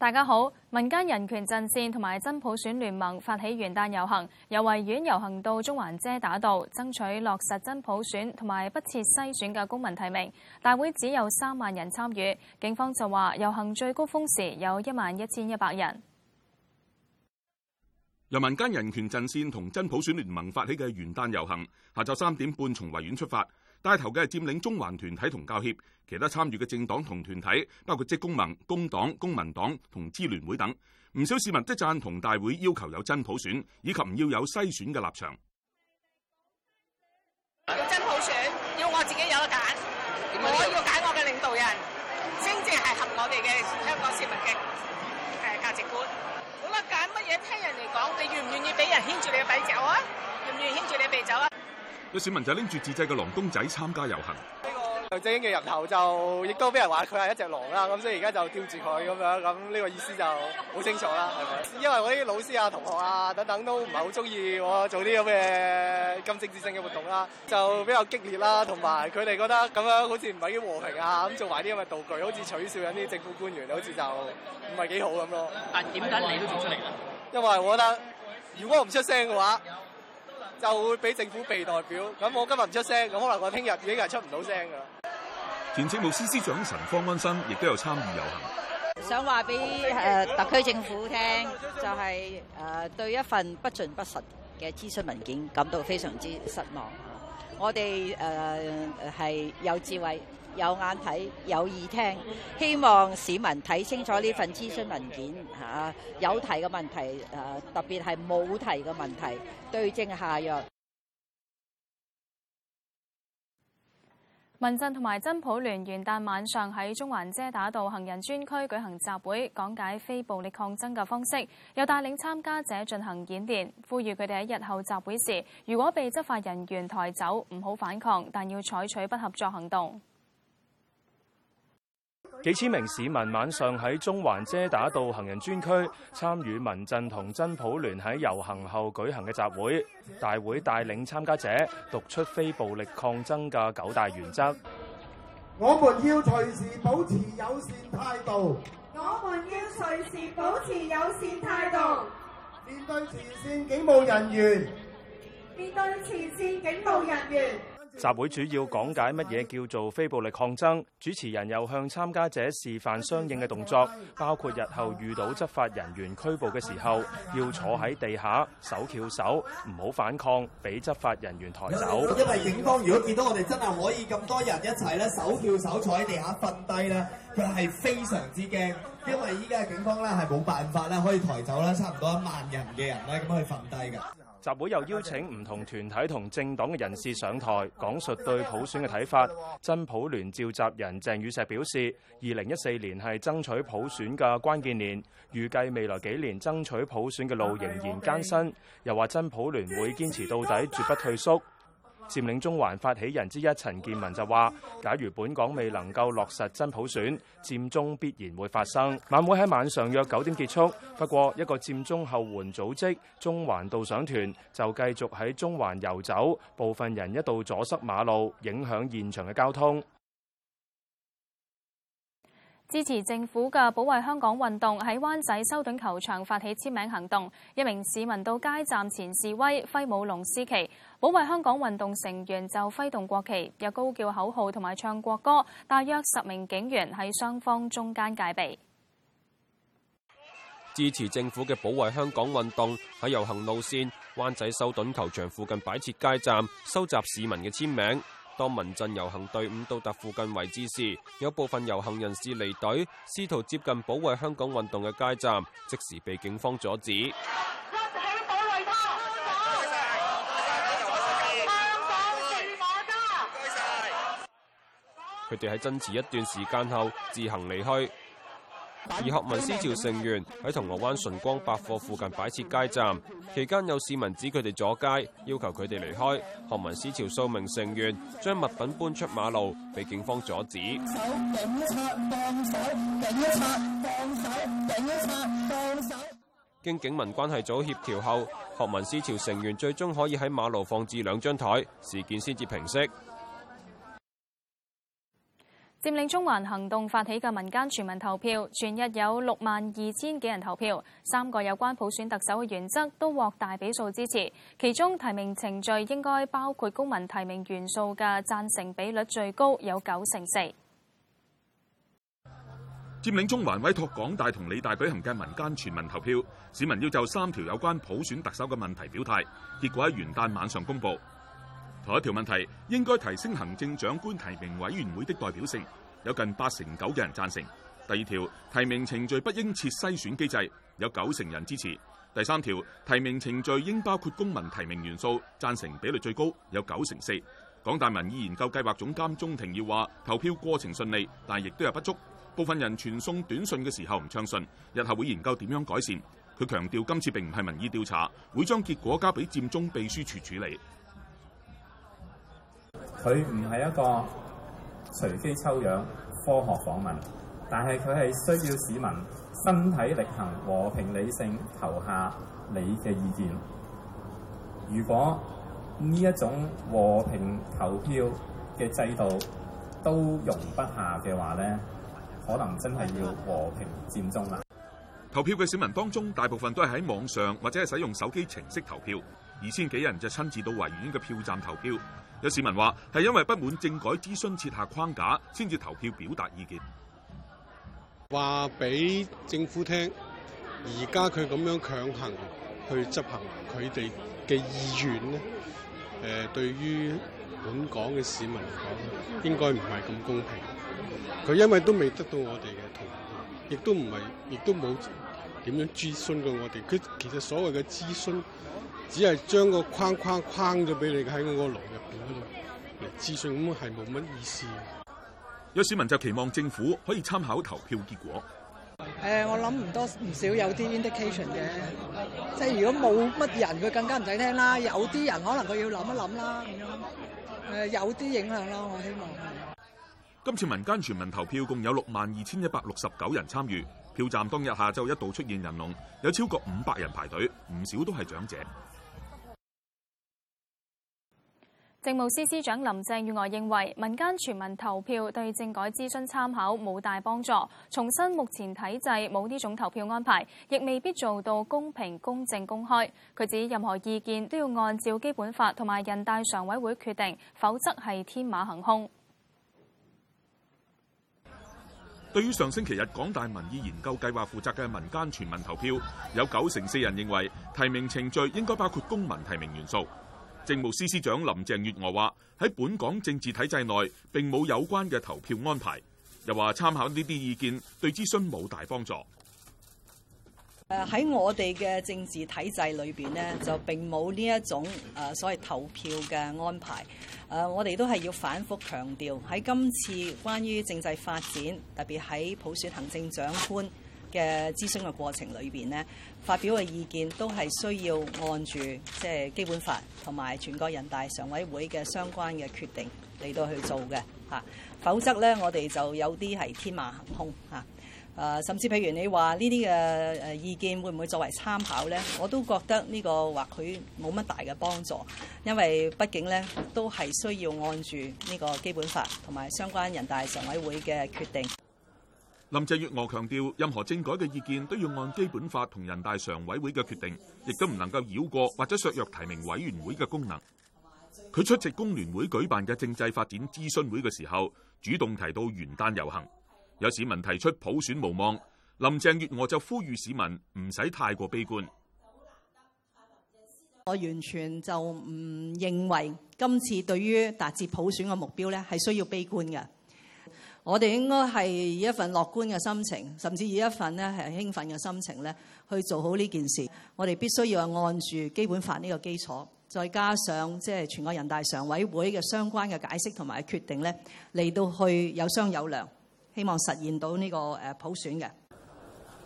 大家好，民間人權陣線同埋真普選聯盟發起元旦遊行，由維園遊行到中環遮打道，爭取落實真普選同埋不設篩選嘅公民提名。大會只有三萬人參與，警方就話遊行最高峰時有一萬一千一百人。由民間人權陣線同真普選聯盟發起嘅元旦遊行，下晝三點半從維園出發。帶頭嘅係佔領中環團體同教協，其他參與嘅政黨同團體包括職工盟、工黨、公民黨同支聯會等，唔少市民即贊同大會要求有真普選，以及唔要有篩選嘅立場。要真普選，要我自己有得揀，我要揀我嘅領導人，真正係合我哋嘅香港市民嘅誒價值觀。冇得揀乜嘢，聽人嚟講，你願唔願意俾人牽住你嘅鼻走啊？願唔願意牽住你嘅鼻走啊？有市民就拎住自製嘅狼公仔參加遊行。呢個梁振英嘅人頭就亦都俾人話佢係一隻狼啦，咁所以而家就吊住佢咁樣，咁呢個意思就好清楚啦，係咪？因為我啲老師啊、同學啊等等都唔係好中意我做啲咁嘅咁政治性嘅活動啦，就比較激烈啦，同埋佢哋覺得咁樣好似唔係幾和平啊，咁做埋啲咁嘅道具，好似取笑緊啲政府官員，好似就唔係幾好咁咯。但點解你都做出嚟咧？因為我覺得如果我唔出聲嘅話。就會俾政府被代表，咁我今日唔出聲，咁可能我聽日已經係出唔到聲㗎。前政務司司長陳方安生亦都有參與遊行，想話俾特區政府聽，就係、是、誒對一份不盡不實嘅諮詢文件感到非常之失望。我哋誒係有智慧。有眼睇，有意聽，希望市民睇清楚呢份諮詢文件吓。有提嘅問題，誒特別係冇提嘅問題，對症下藥。民陣同埋真普聯元旦晚上喺中環遮打道行人專區舉行集會，講解非暴力抗爭嘅方式，又帶領參加者進行演練，呼籲佢哋喺日後集會時，如果被執法人員抬走，唔好反抗，但要採取不合作行動。幾千名市民晚上喺中環遮打道行人專區參與民陣同真普聯喺遊行後舉行嘅集會，大會帶領參加者讀出非暴力抗爭嘅九大原則。我們要隨時保持友善態度。我們要隨時保持友善態度。面對前線警務人員，面對前線警務人員。集會主要講解乜嘢叫做非暴力抗爭，主持人又向參加者示範相應嘅動作，包括日後遇到執法人員拘捕嘅時候，要坐喺地下手翹手，唔好反抗，俾執法人員抬走。因為警方如果見到我哋真係可以咁多人一齊咧，手翹手坐喺地下瞓低咧，佢係非常之驚，因為依家警方咧係冇辦法咧可以抬走咧，差唔多一萬人嘅人咧咁去瞓低㗎。集會又邀請唔同團體同政黨嘅人士上台，講述對普選嘅睇法。真普聯召集人鄭宇石表示，二零一四年係爭取普選嘅關鍵年，預計未來幾年爭取普選嘅路仍然艱辛，又話真普聯會堅持到底，絕不退縮。佔領中環發起人之一陳建文就話，假如本港未能夠落實真普選，佔中必然會發生。晚會喺晚上約九點結束，不過一個佔中後援組織中環導賞團就繼續喺中環遊走，部分人一度阻塞馬路，影響現場嘅交通。支持政府嘅保衞香港運動喺灣仔修頓球場發起簽名行動，一名市民到街站前示威，揮舞龍獅旗。保衞香港運動成員就揮動國旗，又高叫口號同埋唱國歌。大約十名警員喺雙方中間戒備。支持政府嘅保衞香港運動喺遊行路線灣仔修頓球場附近擺設街站，收集市民嘅簽名。當民陣遊行隊伍到達附近位置時，有部分遊行人士離隊，試圖接近保衛香港運動嘅街站，即時被警方阻止。佢哋喺爭持一段時間後，自行離開。而學民思潮成員喺銅鑼灣順光百貨附近擺設街站，期間有市民指佢哋阻街，要求佢哋離開。學民思潮數名成員將物品搬出馬路，被警方阻止。經警民關係組協調後，學民思潮成員最終可以喺馬路放置兩張檯，事件先至平息。佔領中環行動發起嘅民間全民投票，全日有六萬二千幾人投票，三個有關普選特首嘅原則都獲大比數支持，其中提名程序應該包括公民提名元素嘅贊成比率最高有，有九成四。佔領中環委託港大同理大舉行嘅民間全民投票，市民要就三條有關普選特首嘅問題表態，結果喺元旦晚上公布。頭一條問題應該提升行政長官提名委員會的代表性，有近八成九嘅人贊成。第二條提名程序不應設篩選機制，有九成人支持。第三條提名程序應包括公民提名元素，贊成比率最高，有九成四。港大民意研究計劃總監鍾庭耀話：投票過程順利，但亦都有不足，部分人傳送短訊嘅時候唔暢順，日後會研究點樣改善。佢強調今次並唔係民意調查，會將結果交俾佔中秘書處處理。佢唔係一個隨機抽樣科學訪問，但係佢係需要市民身體力行、和平理性投下你嘅意見。如果呢一種和平投票嘅制度都容不下嘅話，呢可能真係要和平佔中啦。投票嘅市民當中，大部分都係喺網上或者係使用手機程式投票，二千幾人就親自到維園嘅票站投票。有市民話係因為不滿政改諮詢設下框架，先至投票表達意見，話俾政府聽，而家佢咁樣強行去執行佢哋嘅意願咧。誒、呃、對於本港嘅市民嚟講應該唔係咁公平。佢因為都未得到我哋嘅同意，亦都唔係，亦都冇點樣諮詢過我哋。佢其實所謂嘅諮詢，只係將個框框框咗俾你喺嗰個籠諮詢，咁係冇乜意思。有市民就期望政府可以參考投票結果。誒，我諗唔多唔少有啲 indication 嘅，即係如果冇乜人，佢更加唔使聽啦。有啲人可能佢要諗一諗啦。誒，有啲影響啦，我希望。今次民間全民投票共有六萬二千一百六十九人參與，票站當日下晝一度出現人龍，有超過五百人排隊，唔少都係長者。政務司司長林鄭月娥認為，民間全民投票對政改諮詢參考冇大幫助。重申目前體制冇呢種投票安排，亦未必做到公平、公正、公開。佢指任何意見都要按照基本法同埋人大常委會決定，否則係天馬行空。對於上星期日港大民意研究計劃負責嘅民間全民投票，有九成四人認為提名程序應該包括公民提名元素。政務司司長林鄭月娥話：喺本港政治體制內，並冇有關嘅投票安排。又話參考呢啲意見，對諮詢冇大幫助。誒，喺我哋嘅政治體制裏邊呢，就並冇呢一種誒所謂投票嘅安排。誒，我哋都係要反復強調，喺今次關於政制發展，特別喺普選行政長官嘅諮詢嘅過程裏邊呢。發表嘅意見都係需要按住即係基本法同埋全國人大常委會嘅相關嘅決定嚟到去做嘅吓，否則呢，我哋就有啲係天馬行空吓。誒，甚至譬如你話呢啲嘅誒意見會唔會作為參考呢？我都覺得呢個或許冇乜大嘅幫助，因為畢竟呢都係需要按住呢個基本法同埋相關人大常委會嘅決定。林鄭月娥強調，任何政改嘅意見都要按基本法同人大常委會嘅決定，亦都唔能夠繞過或者削弱提名委員會嘅功能。佢出席工聯會舉辦嘅政制發展諮詢會嘅時候，主動提到元旦遊行，有市民提出普選無望，林鄭月娥就呼籲市民唔使太過悲觀。我完全就唔認為今次對於達至普選嘅目標咧，係需要悲觀嘅。我哋應該係以一份樂觀嘅心情，甚至以一份咧係興奮嘅心情咧，去做好呢件事。我哋必須要按住基本法呢個基礎，再加上即係全國人大常委會嘅相關嘅解釋同埋決定咧，嚟到去有商有量，希望實現到呢個誒普選嘅。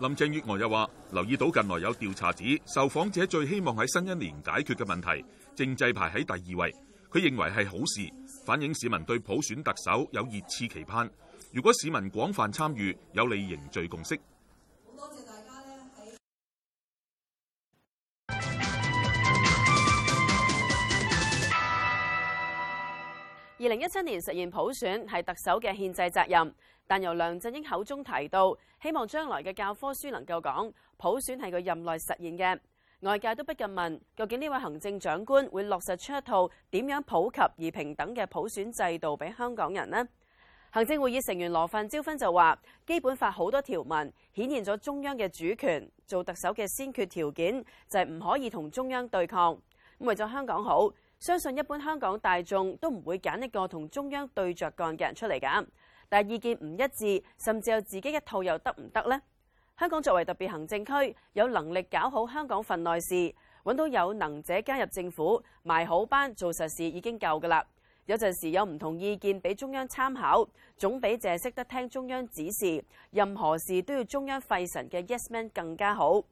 林鄭月娥又話：留意到近來有調查指，受訪者最希望喺新一年解決嘅問題，政制排喺第二位。佢認為係好事。反映市民對普選特首有熱切期盼。如果市民廣泛參與，有利凝聚共識。二零一七年實現普選係特首嘅憲制責任，但由梁振英口中提到，希望將來嘅教科書能夠講普選係佢任內實現嘅。外界都不禁問，究竟呢位行政長官會落實出一套點樣普及而平等嘅普選制度俾香港人呢？行政會議成員羅范椒芬就話，基本法好多條文顯現咗中央嘅主權，做特首嘅先決條件就係、是、唔可以同中央對抗。咁為咗香港好，相信一般香港大眾都唔會揀一個同中央對着幹嘅人出嚟噶，但係意見唔一致，甚至有自己一套又得唔得呢？香港作為特別行政區，有能力搞好香港份內事，揾到有能者加入政府，埋好班做實事已經夠噶啦。有陣時有唔同意見俾中央參考，總比淨係識得聽中央指示，任何事都要中央費神嘅 yes man 更加好。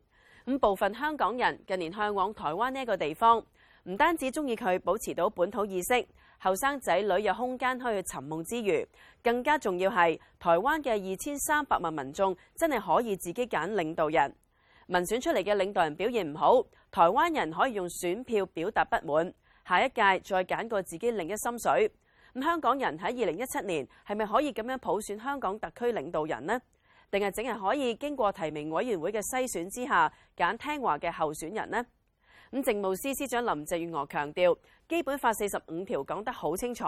咁部分香港人近年向往台灣呢一個地方，唔單止中意佢保持到本土意識。後生仔女有空間可以去尋夢之餘，更加重要係台灣嘅二千三百萬民眾真係可以自己揀領導人。民選出嚟嘅領導人表現唔好，台灣人可以用選票表達不滿。下一屆再揀過自己另一心水。咁香港人喺二零一七年係咪可以咁樣普選香港特區領導人呢？定係淨係可以經過提名委員會嘅篩選之下揀聽話嘅候選人呢？咁政務司司長林鄭月娥強調。基本法四十五條講得好清楚，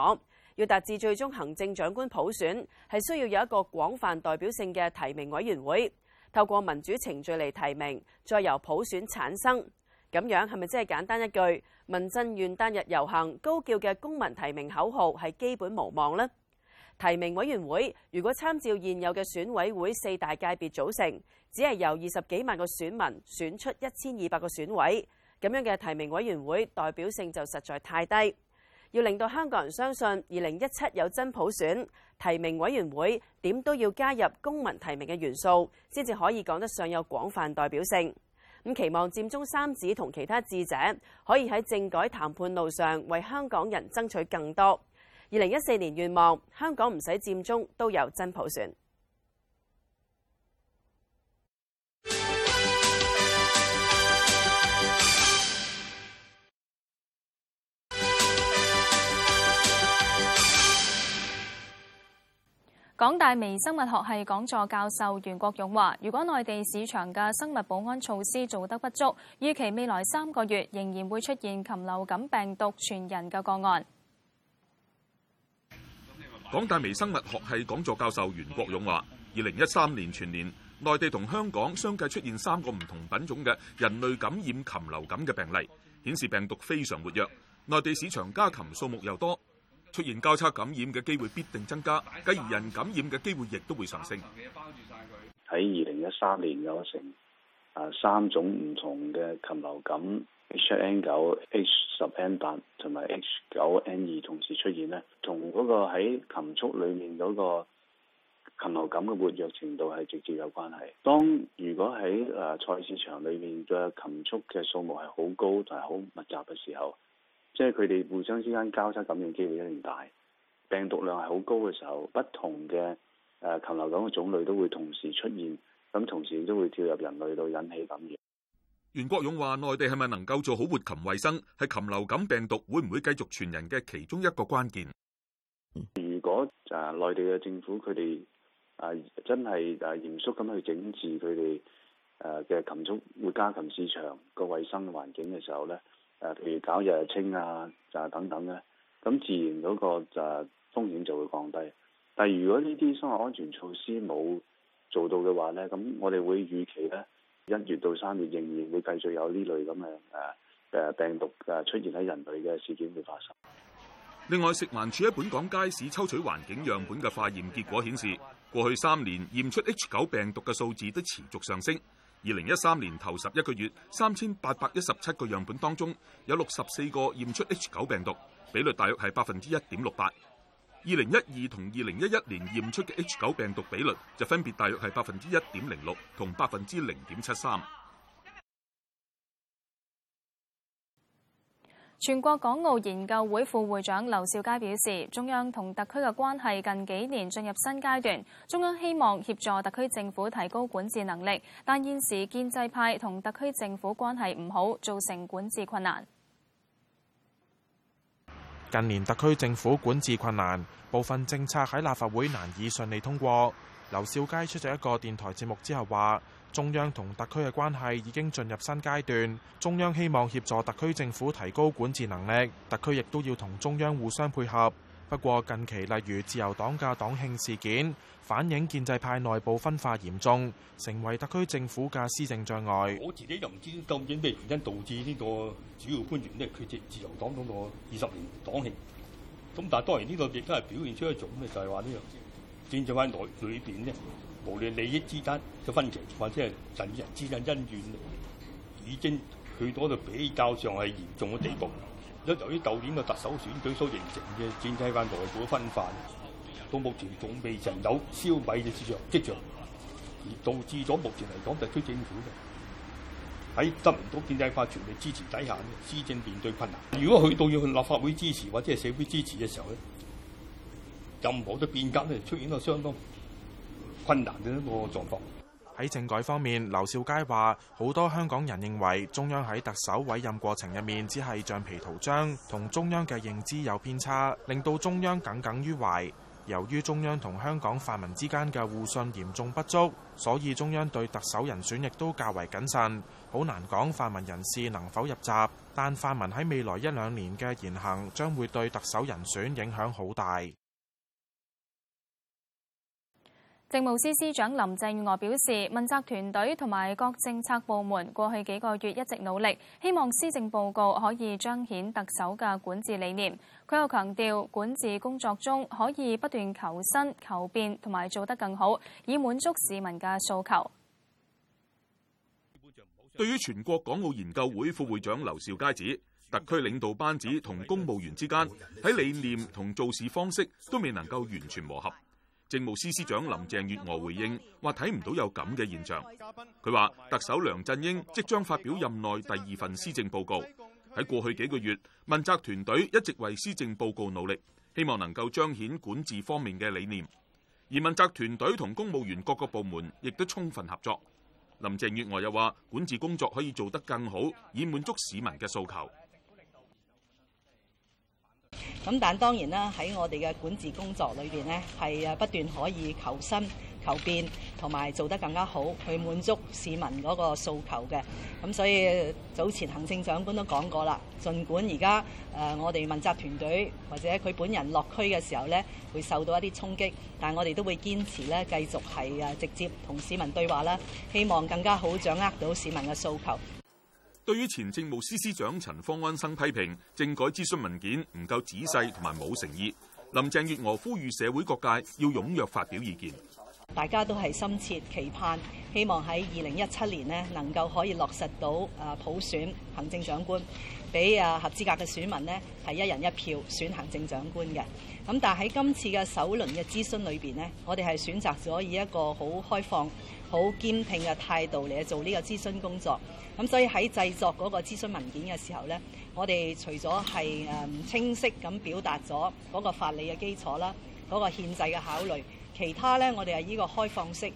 要達至最終行政長官普選，係需要有一個廣泛代表性嘅提名委員會，透過民主程序嚟提名，再由普選產生。咁樣係咪真係簡單一句？民陣元旦日遊行高叫嘅公民提名口號係基本無望呢？提名委員會如果參照現有嘅選委會四大界別組成，只係由二十幾萬個選民選出一千二百個選委。咁樣嘅提名委員會代表性就實在太低，要令到香港人相信二零一七有真普選，提名委員會，點都要加入公民提名嘅元素，先至可以講得上有廣泛代表性。咁期望佔中三子同其他智者可以喺政改談判路上為香港人爭取更多。二零一四年願望香港唔使佔中都有真普選。港大微生物學系講座教授袁國勇話，如果內地市場嘅生物保安措施做得不足，預期未來三個月仍然會出現禽流感病毒傳人嘅個案。港大微生物學系講座教授袁國勇話，二零一三年全年，內地同香港相繼出現三個唔同品種嘅人類感染禽流感嘅病例，顯示病毒非常活躍，內地市場家禽數目又多，出現交叉感染嘅機會必定增加，繼而人感染嘅機會亦都會上升。喺二零一三年有成啊三種唔同嘅禽流感 H 七 N 九、H 十 N 八同埋 H 九 N 二同時出現呢，同嗰個喺禽畜裏面嗰個禽流感嘅活躍程度係直接有關係。當如果喺誒菜市場裏面嘅禽畜嘅數目係好高同係好密集嘅時候，即係佢哋互相之間交叉感染機會一定大，病毒量係好高嘅時候，不同嘅誒禽流感嘅種類都會同時出現，咁同時都會跳入人類度引起感染。袁國勇話：內地係咪能夠做好活禽衞生，係禽流感病毒會唔會繼續傳人嘅其中一個關鍵。如果啊內地嘅政府佢哋啊真係啊嚴肅咁去整治佢哋誒嘅禽畜活家禽市場個衞生環境嘅時候咧，誒，譬如搞日日清啊，就、啊、係等等嘅、啊，咁自然嗰、那個就係、啊、風險就會降低。但係如果呢啲生物安全措施冇做到嘅話咧，咁我哋會預期咧一月到三月仍然會繼續有呢類咁嘅誒誒病毒誒出現喺人類嘅事件會發生。另外，食環署喺本港街市抽取環境樣本嘅化驗結果顯示，過去三年驗出 H 九病毒嘅數字都持續上升。二零一三年頭十一個月，三千八百一十七個樣本當中，有六十四個驗出 H 九病毒，比率大約係百分之一點六八。二零一二同二零一一年驗出嘅 H 九病毒比率就分別大約係百分之一點零六同百分之零點七三。全國港澳研究會副會長劉兆佳表示，中央同特區嘅關係近幾年進入新階段，中央希望協助特區政府提高管治能力，但現時建制派同特區政府關係唔好，造成管治困難。近年特區政府管治困難，部分政策喺立法會難以順利通過。劉兆佳出席一個電台節目之後話。中央同特區嘅關係已經進入新階段，中央希望協助特區政府提高管治能力，特區亦都要同中央互相配合。不過近期例如自由黨嘅黨慶事件，反映建制派內部分化嚴重，成為特區政府嘅施政障礙。我自己又唔知究竟咩原因導致呢個主要官員嘅缺席自由黨嗰個二十年黨慶。咁但當然呢個亦都係表現出一種就係話呢樣無論利益之間嘅分歧，或者係人與人之間恩怨，已經去到一個比較上係嚴重嘅地步。一由於舊年嘅特首選舉所形成嘅建制派內部嘅分化，到目前仲未曾有消弭嘅跡象，跡象導致咗目前嚟講，特區政府嘅喺得唔到建制派全力支持底下咧，施政面對困難。如果去到要去立法會支持，或者係社會支持嘅時候咧，任何嘅變革咧出現到相當困難嘅一個狀況。喺政改方面，劉兆佳話，好多香港人認為中央喺特首委任過程入面只係橡皮圖章，同中央嘅認知有偏差，令到中央耿耿於懷。由於中央同香港泛民之間嘅互信嚴重不足，所以中央對特首人選亦都較為謹慎。好難講泛民人士能否入閘，但泛民喺未來一兩年嘅言行將會對特首人選影響好大。政務司司長林鄭月娥表示，問責團隊同埋各政策部門過去幾個月一直努力，希望施政報告可以彰顯特首嘅管治理念。佢又強調，管治工作中可以不斷求新求變，同埋做得更好，以滿足市民嘅訴求。對於全國港澳研究會副會長劉兆佳指，特區領導班子同公務員之間喺理念同做事方式都未能夠完全磨合。政務司司長林鄭月娥回應，話睇唔到有咁嘅現象。佢話特首梁振英即將發表任內第二份施政報告。喺過去幾個月，問責團隊一直為施政報告努力，希望能夠彰顯管治方面嘅理念。而問責團隊同公務員各個部門亦都充分合作。林鄭月娥又話，管治工作可以做得更好，以滿足市民嘅訴求。咁但當然啦，喺我哋嘅管治工作裏面咧，係誒不斷可以求新、求變，同埋做得更加好，去滿足市民嗰個訴求嘅。咁所以早前行政長官都講過啦，儘管而家誒我哋問責團隊或者佢本人落區嘅時候咧，會受到一啲衝擊，但我哋都會堅持咧，繼續係誒直接同市民對話啦，希望更加好掌握到市民嘅訴求。對於前政務司司長陳方安生批評政改諮詢文件唔夠仔細同埋冇誠意，林鄭月娥呼籲社會各界要踴躍發表意見。大家都係深切期盼，希望喺二零一七年能夠可以落實到普選行政長官，俾合資格嘅選民咧係一人一票選行政長官嘅。咁但係喺今次嘅首輪嘅諮詢裏面，我哋係選擇咗以一個好開放、好堅定嘅態度嚟做呢個諮詢工作。咁所以喺製作嗰個諮詢文件嘅時候咧，我哋除咗係誒清晰咁表達咗嗰個法理嘅基礎啦，嗰個憲制嘅考慮，其他咧我哋係依個開放式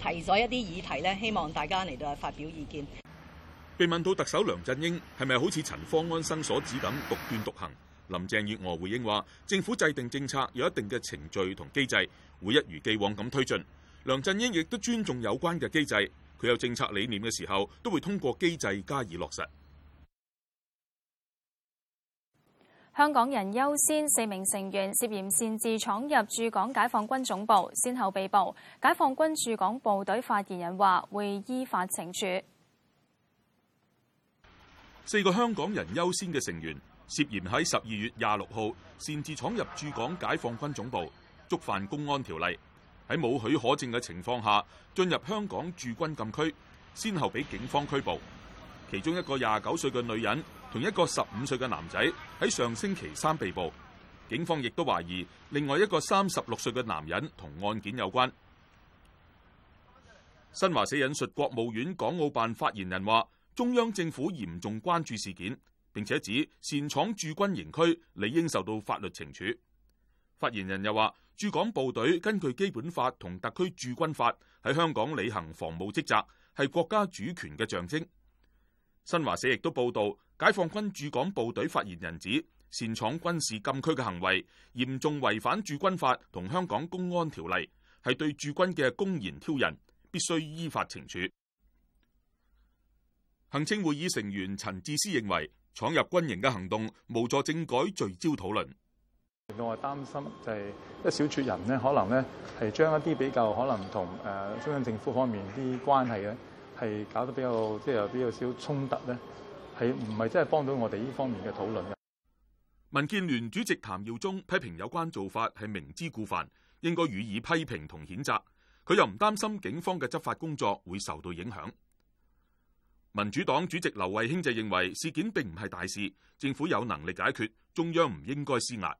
提咗一啲議題咧，希望大家嚟到發表意見。被問到特首梁振英係咪好似陳方安生所指咁獨斷獨行，林鄭月娥回應話，政府制定政策有一定嘅程序同機制，會一如既往咁推進，梁振英亦都尊重有關嘅機制。佢有政策理念嘅時候，都會通過機制加以落實。香港人優先四名成員涉嫌擅自闖入駐港解放軍總部，先後被捕。解放軍駐港部隊發言人話會依法懲處四個香港人優先嘅成員，涉嫌喺十二月廿六號擅自闖入駐港解放軍總部，觸犯公安條例。喺冇許可證嘅情況下進入香港駐軍禁區，先後被警方拘捕。其中一個廿九歲嘅女人，同一個十五歲嘅男仔喺上星期三被捕。警方亦都懷疑另外一個三十六歲嘅男人同案件有關。新華社引述國務院港澳辦發言人話，中央政府嚴重關注事件，並且指擅闖駐軍營區理應受到法律懲處。發言人又話：駐港部隊根據基本法同特區駐軍法喺香港履行防務職責，係國家主權嘅象徵。新華社亦都報道，解放軍駐港部隊發言人指，擅闖軍事禁區嘅行為嚴重違反駐軍法同香港公安條例，係對駐軍嘅公然挑釁，必須依法懲處。行政會議成員陳智思認為，闖入軍營嘅行動無助政改聚焦討論。我係擔心就係一小撮人咧，可能咧係將一啲比較可能同誒中央政府方面啲關係咧係搞得比較即係有比較少衝突咧，係唔係真係幫到我哋呢方面嘅討論嘅？民建聯主席譚耀宗批評有關做法係明知故犯，應該予以批評同譴責。佢又唔擔心警方嘅執法工作會受到影響。民主黨主席劉慧卿就認為事件並唔係大事，政府有能力解決，中央唔應該施壓。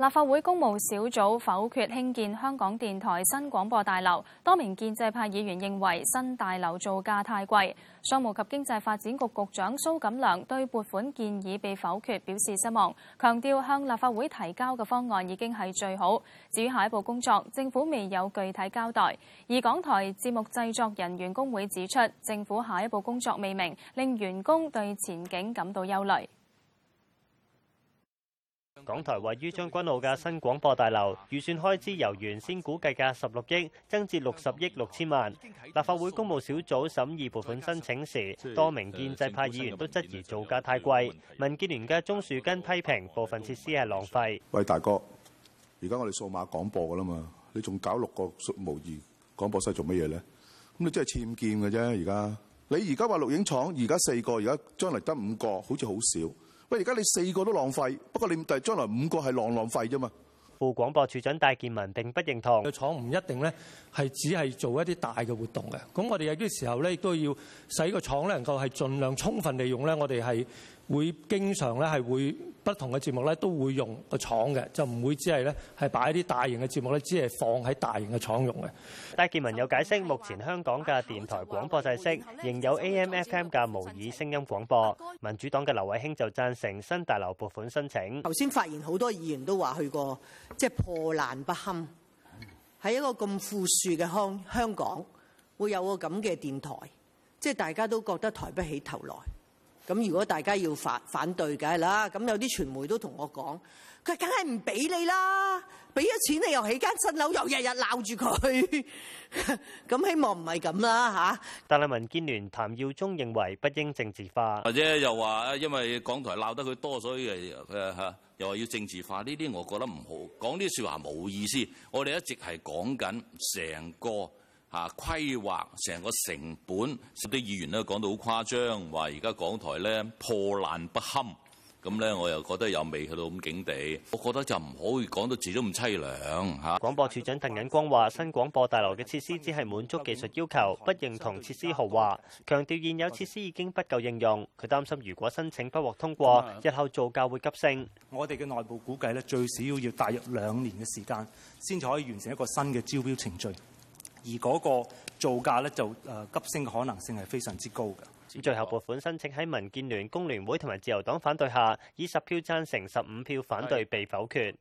立法會工務小組否決興建香港電台新廣播大樓，多名建制派議員認為新大樓造價太貴。商務及經濟發展局局長蘇錦樑對撥款建議被否決表示失望，強調向立法會提交嘅方案已經係最好。至於下一步工作，政府未有具體交代。而港台節目製作人員工會指出，政府下一步工作未明，令員工對前景感到憂慮。港台位於將軍澳嘅新廣播大樓預算開支由原先估計價十六億增至六十億六千萬。立法會公務小組審議撥款申請時，多名建制派議員都質疑造價太貴。民建聯嘅鍾樹根批評部分設施係浪費。喂大哥，而家我哋數碼廣播㗎啦嘛，你仲搞六個模擬廣播室做乜嘢咧？咁你真係僭建嘅啫。而家你而家話錄影廠，而家四個，而家將嚟得五個，好似好少。喂，而家你四個都浪費，不過你第將來五個係浪浪費啫嘛。副廣播處長戴建文並不認同。個廠唔一定咧係只係做一啲大嘅活動嘅，咁我哋有啲時候咧亦都要使個廠咧能夠係盡量充分利用咧，我哋係會經常咧係會。不同嘅節目咧都會用個廠嘅，就唔會只係咧係擺啲大型嘅節目咧，只係放喺大型嘅廠用嘅。戴健文又解釋，目前香港嘅電台廣播制式仍有 AM、FM 嘅模擬聲音廣播。民主黨嘅劉慧卿就贊成新大樓撥款申請。頭先發現好多議員都話去過，即係破爛不堪，喺一個咁富庶嘅香香港，會有一個咁嘅電台，即係大家都覺得抬不起頭來。咁如果大家要反反對，梗係啦。咁有啲傳媒都同我講，佢梗係唔俾你啦，俾咗錢你又起間新樓又天天，又日日鬧住佢。咁希望唔係咁啦嚇。但係民建聯譚耀宗認為不應政治化，或者又話因為港台鬧得佢多，所以誒誒又話要政治化。呢啲我覺得唔好講啲説話冇意思。我哋一直係講緊成個。啊！規劃成個成本，啲議員咧，講到好誇張，話而家港台呢，破爛不堪。咁呢我又覺得又未去到咁境地。我覺得就唔可以講到自己都咁凄涼嚇。廣播處長鄧忍光話：新廣播大樓嘅設施只係滿足技術要求，不認同設施豪華，強調現有設施已經不夠應用。佢擔心如果申請不獲通過，日後造價會急升。我哋嘅內部估計呢，最少要大約兩年嘅時間先至可以完成一個新嘅招標程序。而嗰個造價呢，就、呃、急升嘅可能性係非常之高嘅。最後撥款申請喺民建聯、工聯會同埋自由黨反對下，以十票贊成、十五票反對被否決。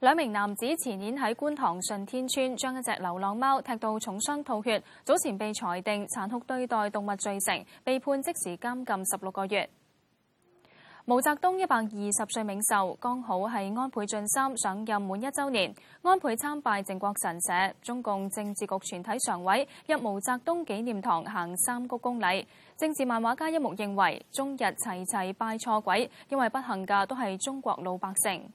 兩名男子前年喺觀塘順天邨將一隻流浪貓踢到重傷吐血，早前被裁定殘酷對待動物罪成，被判即時監禁十六個月。毛澤東一百二十歲冥壽，剛好係安倍晉三上任滿一周年。安倍參拜靖國神社，中共政治局全體常委入毛澤東紀念堂行三鞠躬禮。政治漫畫家一目認為，中日齊齊拜錯鬼，因為不幸噶都係中國老百姓。